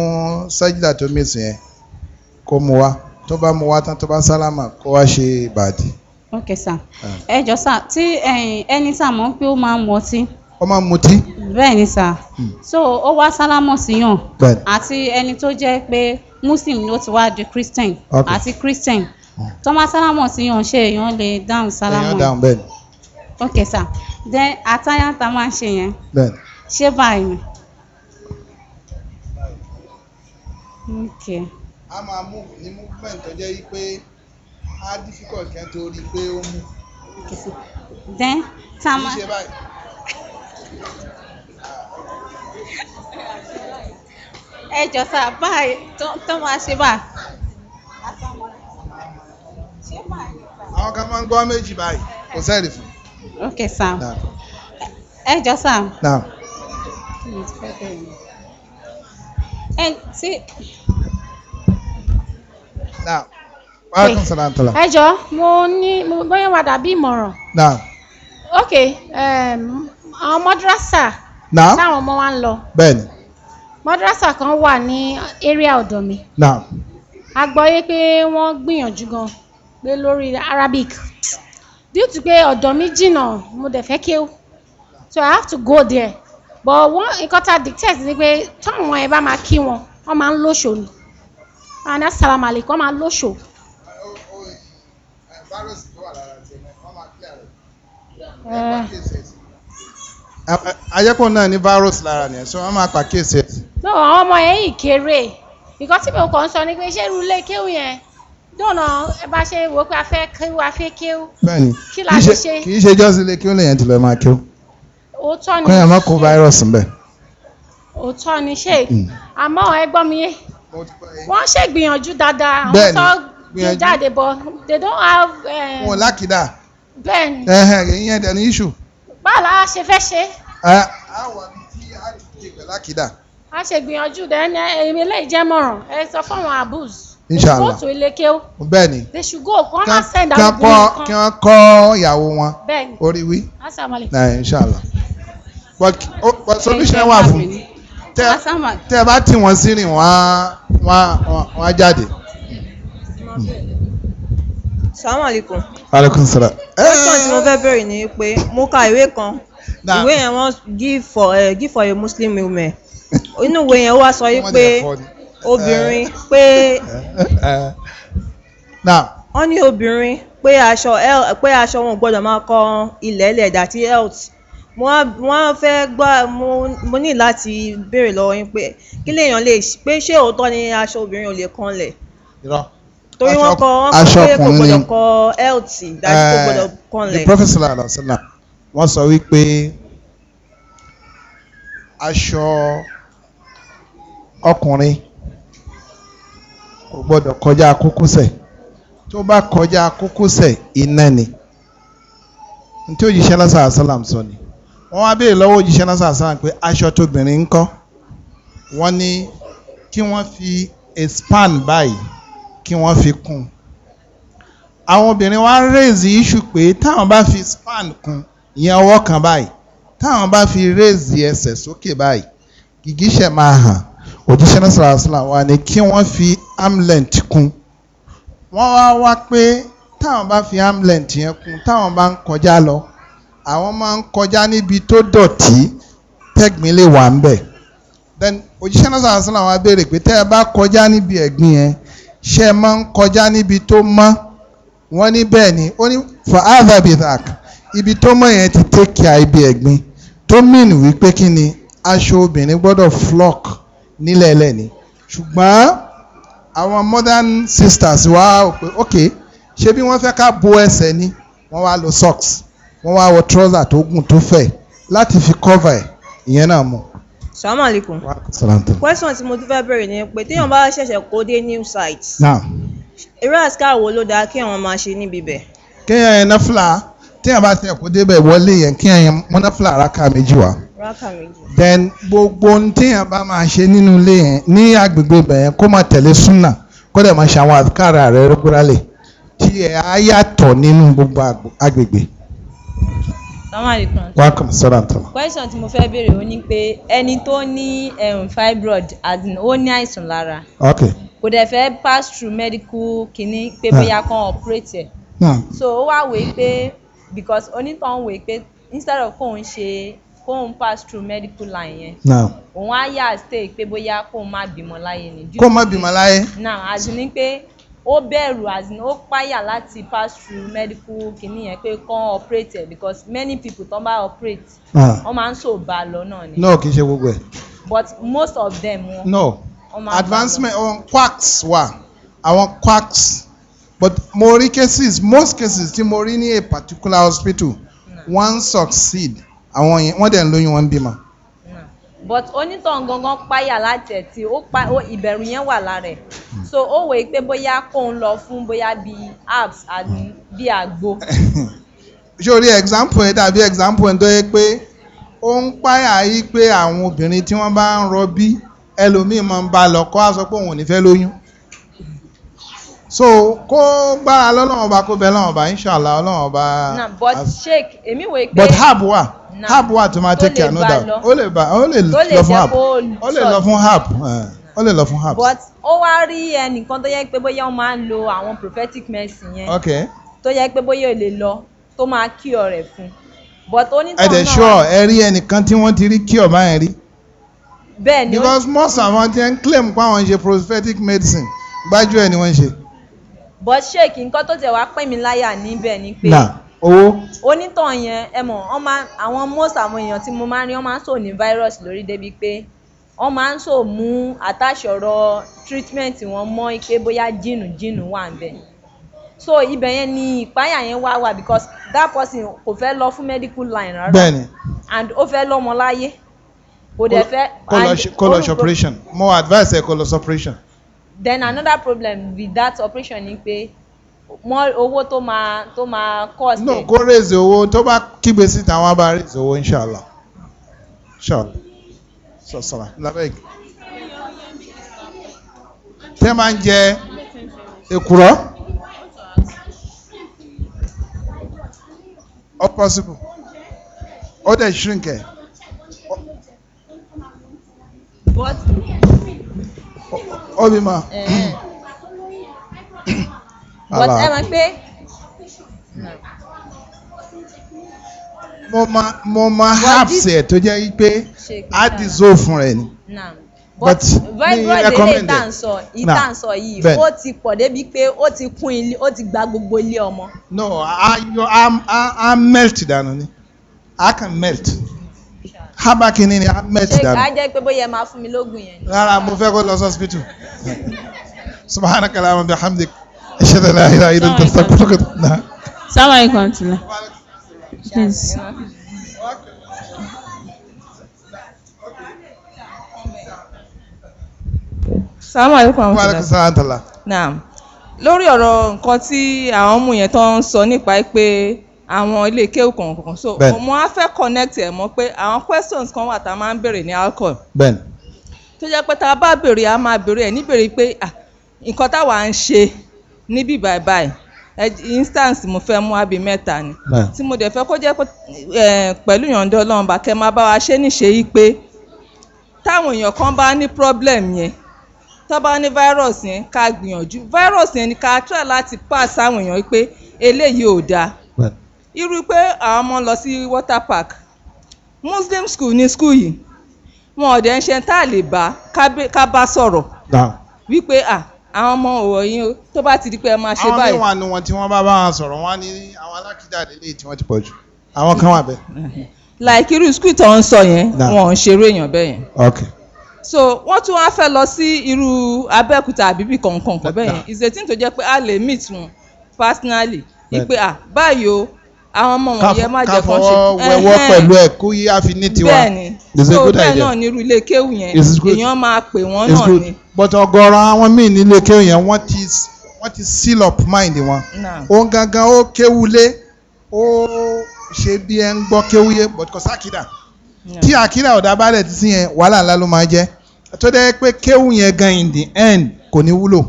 sájídà tó mèsì yẹn kó mu wá tó bá mu wá tán tó bá sálámà kó wá ṣe ìbàdí. ok sir ẹ jọ sir tí ẹni sà mọ̀ pé ó máa ń mọtí ọ máa ń mutí. bẹ́ẹ̀ ni sà hmm. so ó wá sálámọ̀ síyàn àti ẹni tó jẹ́ pé muslim ló ti wá di christian àti christian hmm. tó máa sálámọ̀ síyàn ṣé èèyàn lè dáhùn sálámọ̀. èèyàn dáhùn bẹ́ẹ̀ ni ok sir then attire ta máa ń ṣe yẹn ṣé báyìí ni ok. a máa mú ní movement tó jẹ́ wípé a difficult kẹ́ tó rí i pé ó mú. ok sir then ta máa. ṣe báyìí. ẹ jọ sá báyìí tó máa ṣe báyìí. àwọn kan máa ń gbọ́ méjì báyìí kò sẹ́ẹ̀rì fún. Okay Sam. ẹ jọ sir. ẹ sí. ẹ jọ mo ní bóyá wà dàbí ìmọ̀ràn. ok um, àwọn mọ́dúrásà táwọn ọmọ wa ń lọ. bẹ́ẹ̀ni. mọ́dúrásà kan wà ní area ọ̀dọ̀ mi. a gbọ́ yé pé wọ́n gbìyànjú gan-an pé lórí Arabic due to pé ọ̀dọ̀ mi jìnnà mo dẹ̀ fẹ́ kéwú so I have to go there but wọ́n nǹkan tá a dictate ni pé táwọn ẹ bá máa kí wọn wọ́n máa ń lóṣò ni and assalamu alaikum wọ́n máa ń lóṣò. Eh, ayẹ́pọ̀ náà ní virus lára ni ẹ̀ so wọ́n máa pàkíyèsí ẹ̀. no àwọn ọmọ yẹn yìí kéré nǹkan tí mo kàn ń sọ ni pé ṣé irú ilé kéwú yẹn dọ̀nà ẹ bá ṣe wò pé a fẹ́ kéwú a fẹ́ kéwú. bẹ́ẹ̀ni kí la ṣe ṣe. kì í ṣe jọ́sìn lè kí ó lè yẹn ti lọ́ọ́ máa kéwú. òótọ́ ni ṣe kóyà má kó fáírọ́ọ̀sì mbẹ́. òótọ́ ni ṣe mm-hmm. àmọ́ ẹ mi wọ́n ṣe gbìyànjú dáadáa àwọn tó gbìyànjú jáde bọ̀ they don't have. Eh, wọn lákìdá. bẹ́ẹ̀ni. ẹhẹn ìyẹn dẹ̀ ní iṣu. báwo la ṣe fẹ́ ṣe. àwọn àbí tí a ti gbẹ̀ lákìdá. a ṣe gbìyànjú dẹ́ni eh, ẹ̀mí lè jẹ́ mọ̀ràn ẹ sọ fún àwọn abuse inshallah go they should go kí wọ́n send out bill kan kí wọ́n kọ́ ìyàwó wọn bẹ́ẹ̀ni orí wí náà inshallah but but solution wà fún tẹ ẹ bá tì wọ́n sí rìn wọ́n á jáde. salamu alaykum. aleykum salaam. question eh. tí mo fẹ́ bẹ̀rẹ̀ ni pé mo ka ìwé kan ìwé yẹn wọ́n give for uh, give for a muslim woman [LAUGHS] inú ìwé yẹn wá sọ yìí pé obìnrin eh. pé eh. Eh. wọ́n ní obìnrin pé aṣọ pé aṣọ wọn gbọ́dọ̀ máa kọ ilẹ̀ ilẹ̀ dàtí health wọ́n fẹ́ gbọ́ mo ní láti béèrè lọ́wọ́ yín pé kí lèèyàn lè pé ṣé òótọ́ ni aṣọ obìnrin ò lè kanlẹ̀ torí wọ́n kọ wọ́n kọ pé kò gbọ́dọ̀ kọ health dàtí kò gbọ́dọ̀ kanlẹ̀. the prophet sallallahu alaihi wa sallam wọ́n sọ wípé aṣọ ọkùnrin kò gbọ́dọ̀ kọjá kókósẹ̀ tó bá kọjá kókósẹ̀ iná ni ntí òjíṣẹ́ náà sàásàlám sọ ni wọ́n wá béèrè lọ́wọ́ òjíṣẹ́ náà sàásàlám pé aṣọ tóbìnrin ń kọ́ wọ́n ní kí wọ́n fi a span báyìí kí wọ́n fi kún àwọn obìnrin wa ń raise issue pé táwọn bá fi span kún ìyẹn ọwọ́ kan báyìí táwọn bá fi raise ẹsẹ̀ sókè báyìí gìgísẹ̀ máa hàn òjíṣẹ́ náà sàrà sílà wà ní kí wọ́n fi amlent kún wọ́n wá wá pé táwọn bá fi amlent yẹn kún táwọn bá ń kọjá lọ àwọn máa ń kọjá níbi tó dọ̀tí tẹ́gbìn lè wà ń bẹ̀ then òjíṣẹ́ náà sàrà sílà wà béèrè pé tẹ́ ẹ bá kọjá níbi ẹ̀gbin yẹn ṣé ẹ máa ń kọjá níbi tó mọ́ wọ́n ní bẹ́ẹ̀ ni ó ní for other bidak ibi tó mọ̀ yẹn ti take care ibi ẹ̀gbin tó mean wípé kí ni aṣọ obìnrin gbọ́dọ̀ flock nílẹ̀ ẹlẹ́ ni ṣùgbọ́n àwọn modern sisters wá pé ok ṣé bí wọ́n fẹ́ ká bo ẹsẹ̀ ni wọ́n wá lo socks wọ́n wá wọ trouser tó gùn tó fẹ̀ láti fi cover ẹ̀ ìyẹn náà mọ̀. salamu alaykum question tí mo tún fẹ́ bẹ̀rẹ̀ ni pé téèyàn bá ṣẹ̀ṣẹ̀ kó dé new site eré àṣìká wo ló dáa kí àwọn máa ṣe níbi bẹ̀. kéèyàn yẹn náfìlà téèyàn bá ṣẹ̀ṣẹ̀ kó débẹ̀ wọlé yẹn kéèyàn yẹn mọ́náfìlà ara ká méjì wá. then gbogbo ohun téèyàn bá máa ṣe nínú ilé yẹn ní agbègbè bẹ̀yẹn kó máa tẹ̀lé súnà kó dẹ̀ máa ṣe àwọn àkàrà rẹ̀ rẹ́gbẹ́rálẹ̀ tí ẹ̀ á yàtọ̀ nínú gbogbo agbègbè. welcome sọ́dọ̀ àtọ̀. question tí mo fẹ́ béèrè ó ní pé ẹni tó ní fibroid as in ó ní àìsàn lára kò dẹ̀ fẹ́ pass through medical kìíní pé bóyá kan operate ẹ̀ so ó wá wèé pé because onítàn wèé pé instead of kóun ṣe kóun pass through medical line yẹn. now òun á yà stay pé bóyá kóun má bímọ láyé ni. kóun má bímọ láyé. now as in ni pé ó bẹ̀rù as in ó páyà láti pass through medical kìíní yẹn pé kàn operate ẹ̀ because many people tó ń bá operate. Ah. wọ́n máa ń sọ bá a lọ náà ni. no kì í ṣe gbogbo ẹ̀. but most of them. Wọ́n, no advancement on quacks wà àwọn quacks but mo rí cases most cases tí mo rí ní a particular hospital one succeed àwọn yẹn wọ́n dẹ̀ ń lóyún wọn ń bímọ. but onítàn gangan páyà láti ẹ̀ tí ó ìbẹ̀rù yẹn wà lára ẹ̀ hmm. so ó wò ó pé bóyá kó ń lọ fún bóyá bíi apps àbí hmm. bíi àgbo. sórí [LAUGHS] example yẹn dàbí example yẹn tó yẹ pé ó ń páyà yí pé àwọn obìnrin tí wọ́n bá ń rọbí ẹlòmíì máa ń ba lọ́kọ́ á òun ò ní fẹ́ lóyún so kó gbára lọ́lọ́wọ́n ọba kó bẹ lọ́wọ́n ọba inshallah ọlọ́wọ́n ọba. na but shake. èmi wò pé. but herb wà herb wà tó máa take care no doubt ó lè ba eh, ó lè lọ fún herb ó lè lọ fún herb ó lè lọ fún herb. but ó wá rí ẹnìkan tó yẹ pé bóyá wọ́n máa ń lo àwọn prophetic medicine yẹn. okay. tó yẹ pé bóyá ó lè lọ tó máa cure rẹ̀ fún but onítọ̀ náà. ẹ dẹ̀ sure ẹ rí ẹnìkan tí wọ́n ti rí cure báyẹn rí. bẹ́ẹ̀ ni. because most àwọn ti claim pé àwọn ń ṣe prophetic medicine gbájú ẹ̀ ni wọ́n ń ṣe but sheik nǹkan tó tẹ̀ wá pẹ́ mi láyà níbẹ̀ ni pé owó onítàn yẹn ẹ mọ̀ àwọn most àwọn èèyàn tí mo máa ń rí wọ́n máa ń sọ ní virus lórí débi pé wọ́n máa ń sọ mú àtàṣe treatment wọn mọ́ ike bóyá jìnnù jìnnù wà ń bẹ̀ so ibẹ̀ yẹn ni ìpáyà yẹn wá wà because that person kò fẹ́ lọ fún medical line rárá bẹ́ẹ̀ni and ó fẹ́ lọ́mọ láyé kò dẹ̀ fẹ́ kó operation More advice ẹ kó operation then another problem with that operation ni pé mọ owó tó máa tó máa cost. no go raise owó tó bá kígbe síta wọn bá raise owó inshala inshala sọsọra labeg. tẹ́ máa ń jẹ èkùrọ́. ó possible ó dẹ̀ shrink ẹ̀. Eh. obi [CLEARS THROAT] ma. but ẹ mọ̀ pé. mo ma mo ma herbs ẹ tó jẹ́ pé adizo fún rẹ ni. but mi recommend it. ìtàn sọ yìí ó ti pọ̀ débi pé ó ti kún ilé ó ti gba gbogbo ilé ọmọ. no a yọ a a melt dànù ni a kan melt haba kìíní ni ahmed dànù. ṣé àjẹ́ pé bóyá máa fún mi lóògùn yẹn. rárá mo fẹ́ kó lọ sí hospital. subhanaka allahumma bihamdik ashhadu an la ilaha illa anta astaghfiruka. sáwọn ikọ̀ ntìlá. please. salamu alaykum wa rahmatulah. naam lórí ọ̀rọ̀ nǹkan tí àwọn ọmọ yẹn tó ń sọ nípa pé àwọn ilé kéwù kọ̀ọ̀kan so mo á fẹ́ connect ẹ̀ mọ́ pé àwọn questions kan wà tá a máa ń béèrè ní alcohol tó jẹ́ pé tá a bá béèrè a máa béèrè ẹ̀ níbèrè pé nǹkan táwa ń ṣe níbí báyìí báyìí instance mo fẹ́ mú àbí mẹ́ta ni tí mo dẹ̀ fẹ́ kó jẹ́ pẹ̀lú ìyọ̀ǹda ọlọ́run bá kẹ́ máa bá wa ṣe níṣe yìí pé táwọn èèyàn kan bá ní problem yẹn tó bá ní virus yẹn ká gbìyànjú virus yẹn ni ká try láti pass àwọn èèyàn pé eléyìí ò dáa irú pé àwọn ọmọ lọ sí water park muslim school ní school yìí wọn ò dẹ̀ ń ṣe tá a lè bá ká bá sọ̀rọ̀ wípé àwọn ọmọ ọ̀rọ̀ yín o tó bá ti di pé ẹ máa ṣe báyìí. àwọn níwọ̀n ni wọn tí wọ́n bá bá wọn wọn ní àwọn alákìdáde lè tí wọ́n ti pọ̀ jù àwọn kan wà bẹ́ẹ̀. [LAUGHS] like irú school tó ń sọ yẹn wọn ò ń ṣeré èèyàn bẹ́ẹ̀ yẹn. okay so wọ́n tún wá fẹ́ lọ sí irú abẹ́òkúta àbíbí kọ̀ọ̀kan kọ̀ bẹ́ẹ̀ yẹn ìṣètí tó jẹ́ pé a lè meet wọn personally ipe à báyìí o àwọn ọmọ wọn yẹ má jẹ kán ṣe káfọwọ́ wẹwọ́ pẹ̀lú ẹ̀ kó yí àfi ní tiwa bẹ́ẹ̀ni so bẹ́ẹ̀ náà ní ilé kéwù yẹn èèyàn máa pè wọ́n náà ni. but ọ̀gọ̀rọ̀ àwọn míì nílé kéwù yẹn wọ́n ti wọ́n ti seal up mind wọn. òun gangan ó kéwù lé ó ṣe bí ẹ ń gbọ́ kéwù yé but kò sákìdá tí àkìdá ọ̀dà bá rẹ̀ ti sí yẹn wàhálà ńlá ló máa jẹ́ tó pé kéwù yẹn gan in the end kò ní wúlò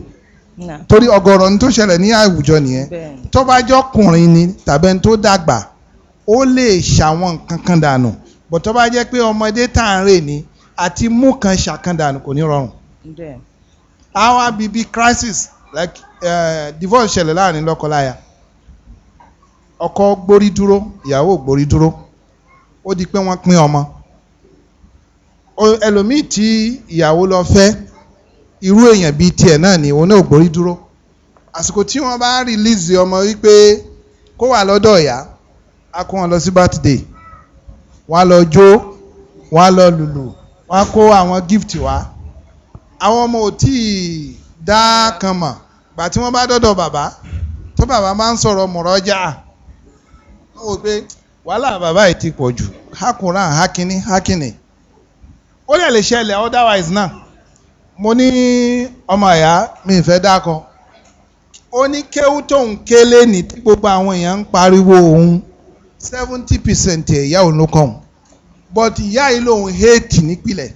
torí ọ̀gọ̀rọ̀ ní tó ṣẹlẹ̀ ní àwùjọ nìyẹn tó bá jọkùnrin ni tàbí ẹni tó dàgbà ó lè ṣàwọn nǹkan kan dànù bó tó bá jẹ́ pé ọmọdé tá à ń rè ní àti mú kan ṣàkan dànù kò ní rọrùn. àwa bíbí crisis like uh, divorce ṣẹlẹ̀ láàrin lọ́kọláya ọkọ gborí dúró ìyàwó gborí dúró ó di pé wọ́n pín ọmọ ẹlòmíì tí ìyàwó lọ fẹ́ irú èèyàn bíi tiẹ̀ náà ni òun náà ò gbórí dúró àsìkò tí wọ́n bá rìlíìsì ọmọ wípé kó wà lọ́dọ̀ ìyá a kó wọn lọ sí birthday wọ́n á lọ jó wọ́n á lọ lùlù wọ́n á kó àwọn gift wá àwọn ọmọ ò tí ì dá kan mọ̀ gbà tí wọ́n bá dọ́dọ̀ bàbá tó bàbá máa ń sọ̀rọ̀ mọ̀rọ́jà wọ́n wò pé wàhálà bàbá yìí ti pọ̀ jù hákùnrán hákínní hákínní ó lè lè ṣẹlẹ̀ otherwise náà mo ní ọmọ àyà mi ìfẹ́ dákọ ó ní kéwú tóun kélé ní tí gbogbo àwọn èèyàn ń pariwo òun seventy percent ẹ̀yà òun but ìyá yìí lòun hate nípìnlẹ̀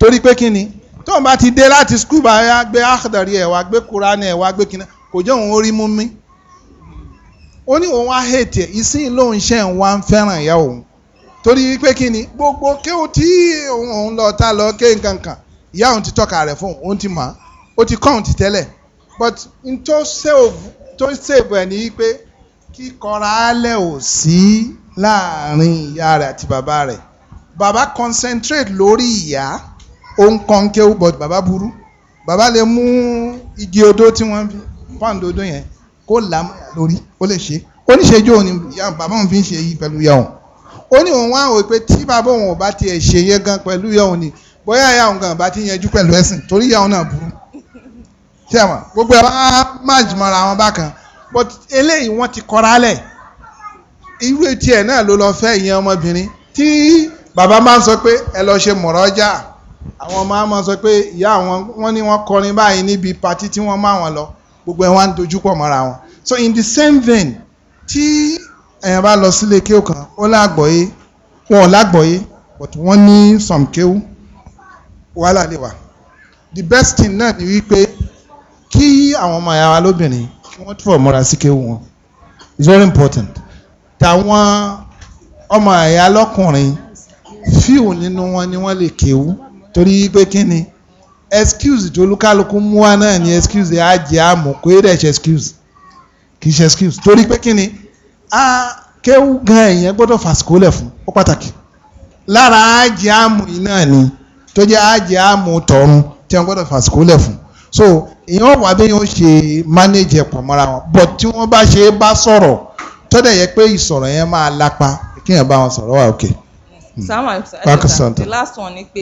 torí pé kí ni tóun bá ti dé láti skul bá yá gbé akadari ẹ̀ wá gbé kurani ẹ̀ wá gbé kíni kò jẹ́ òun ó rí mú mi ó ní òun á hate ẹ̀ ìsìn lòun ṣe ń wá ń fẹ́ràn ìyá òun torí pé kí ni gbogbo kéwú tí òun lọ ta lọ ké nǹkan kan ìyá òun ti tọ́ka rẹ̀ fún òun ti mọ̀ ó ti kọ́ òun ti tẹ́lẹ̀ but n tó save tó save ẹ̀ ní pé kíkọra alẹ́ ò sí láàrin ìyá rẹ̀ àti bàbá rẹ̀ bàbá concentrate lórí ìyá òun kan kéwú but bàbá burú bàbá lè mú igi odó tí wọ́n fi pound odó yẹn kó làmú lórí ó lè ṣe oníṣẹ́jú òun ni bàbá òun fi ń ṣe yí pẹ̀lú ìyá òun ó ní òun wá òun pé tí bàbá òun ò bá tiẹ̀ ṣe yẹ gan pẹ̀lú ìyá òun ni bóyá ìyá òun gan bá ti yanjú pẹ̀lú ẹ̀sìn torí ìyá òun náà burú ṣé àwọn gbogbo ẹ̀ bá máàjì mọ́ra wọn bákan but eléyìí wọ́n ti kọ́ra lẹ̀ irú etí ẹ̀ náà ló lọ fẹ́ ìyẹn ọmọbìnrin tí bàbá máa ń sọ pé ẹ lọ ṣe mọ̀rọ́jà àwọn ọmọ máa ń sọ pé ìyá àwọn wọn ni wọ́n kọrin báyìí níbi patí tí wọ́n máa wọn lọ gbogbo ẹ̀ wá ń dojú pọ̀ mọ́ra wọn so in the same vein tí èèyàn bá lọ sílé kéwù kan ó lágbọ̀ọ́yé wọn ò lágbọ̀ọ́yé but wọ́n ní some kéwù wàhálà lè wà the best thing náà ni wípé kí àwọn ọmọ ẹ̀yà wa lóbìnrin kí wọ́n túbọ̀ múra sí kéwù wọn it's very important tàwọn ọmọ ẹ̀yà lọ́kùnrin fíù nínú wọn ni wọ́n lè kéwù torí pé kí ni excuse tí olúkálukú mú wá náà ni excuse yẹn á jẹ́ àmọ́ kó é dẹ̀ ṣe excuse kì í ṣe excuse torí pé kí ni a kéwù gan èèyàn gbọ́dọ̀ fàsìkò lẹ̀ fún ó pàtàkì lára á jẹ́ àmọ́ yìí náà ni tó jẹ́ àjẹ́ àmú tọ̀run tí wọ́n gbọ́dọ̀ fàsìkò lẹ̀ fún so èèyàn wà bí yóò ṣe manage ẹ̀pọ̀ mọ́ra wọn but tí wọ́n bá ṣe bá sọ̀rọ̀ tó dẹ̀ yẹ pé ìsọ̀rọ̀ yẹn máa lápa kí èèyàn bá wọn sọ̀rọ̀ wà òkè. Hmm. sàmà the last one ni pé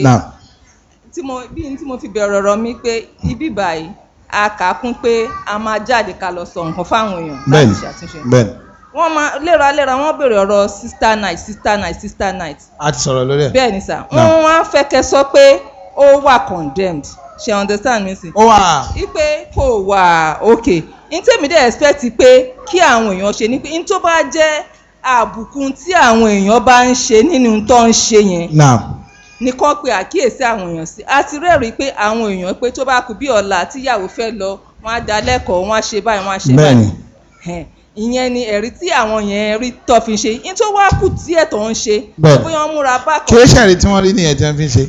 tí mo bí n tí mo fi bẹ̀rẹ̀ ọ̀rọ̀ mi pé ibi báyìí a kà á kún pé a máa jáde ká lọ sọ nǹkan fáwọn èèyàn láti ṣàtúnṣe wọ́n máa léra léra wọ́n béèrè ọ̀rọ̀ sister night sister night sister night. a ti sọ̀rọ̀ lórí ẹ̀. bẹ́ẹ̀ ni sà wọ́n á fẹ́ kẹ́ sọ pé ó wà condemned ṣe understand me si. ó wà. ipe kò wà ok n tèmi dẹ̀ expect pé kí àwọn èèyàn ṣe ni pé n tó bá jẹ́ àbùkù tí àwọn èèyàn bá ń ṣe nínú tó ń ṣe yẹn. naam nìkan pé àkíyèsí àwọn èèyàn sí a ti rẹ́rìí pé àwọn èèyàn pé tó bá kú bí ọ̀la tíyàwó fẹ́ lọ wọ́n á da lẹ́kọ̀ọ́ á ṣe báyìí wọ́n á ṣe báyìí ìyẹn ni ẹ̀rí tí àwọn yẹn rí tó fi ṣe yín tó wá kù tí ẹ̀tọ́ ń ṣe bóyá wọ́n múra bákan. kì í ṣẹ̀rí tí wọ́n rí ní ẹ̀jẹ̀ fi ṣe.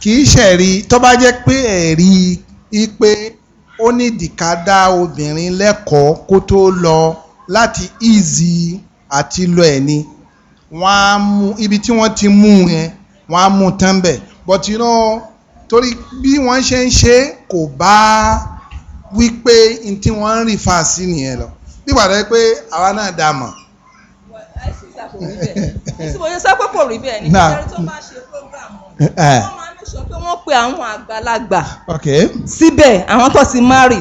kì í ṣẹ̀rí tó bá jẹ́ pé ẹ̀rí i pé ó ní dìkádá obìnrin lẹ́kọ̀ọ́ kó tó lọ láti ìzì àti lọ ẹ̀ ni wọ́n á mú ibi tí wọ́n ti mú yẹn wọ́n á mú tán bẹ̀ but you know torí bí wọ́n ṣe ń ṣe kò bá wípé n tí wọ́n ń rí fa sí nìyẹn lọ bí wàá rẹ pé àwa náà dà mọ̀. ìsìnkú sọ pé kò rí bẹ́ẹ̀ ni kí tó bá ṣe program wọn eh, eh. wọ́n máa ń sọ pé wọ́n pe àwọn àgbàlagbà síbẹ̀ àwọn tó ti marry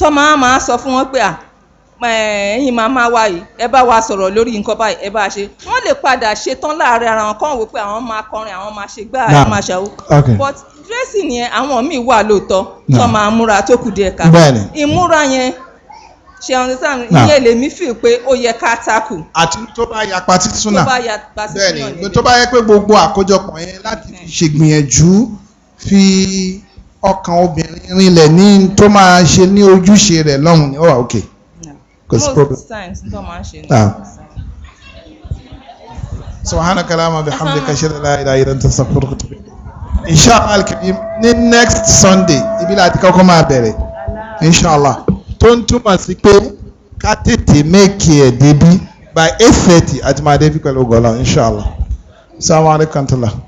tó máa máa sọ fún wọn pé à ẹ̀yin màmá wa yìí ẹ bá wa sọ̀rọ̀ lórí nǹkan báyìí ẹ bá ṣe wọ́n lè padà ṣe láàárín ara wọn kàn wò pé àwọn máa kọrin àwọn máa ṣe gbá àwọn máa ṣàwó but dressing yẹn àwọn míì wà lóòótọ́ tó máa múra tó kù díẹ̀ ká ìmúra yẹn ṣe ọ̀nà sáà ìyẹn lèmi feel pé ó yẹ ká takù. àti tó bá yapa sí súnà tó bá yapa sí súnà nílé bẹ́ẹ̀ni tó bá yẹ pé gbogbo àkójọpọ̀ yẹn láti fi hmm. ṣègbìyànjú fi ọkàn obìnrin rinlẹ̀ ní tó máa ṣe ní ojúṣe rẹ̀ lọ́hùn ní ọ̀rọ̀ òkè. most times tó máa ń ṣe ní ọ̀sán. سبحانك اللهم وبحمدك اشهد ان لا اله الا انت استغفرك واتوب inshallah ní next sunday ibi láti kọ́kọ́ máa bẹ̀rẹ̀ inshallah tó ń túmọ̀ sí pé ká tètè make ẹ̀ débí by eight thirty àti máa débí pẹ̀lú ògọ́lá inshallah salamu alaykum tala.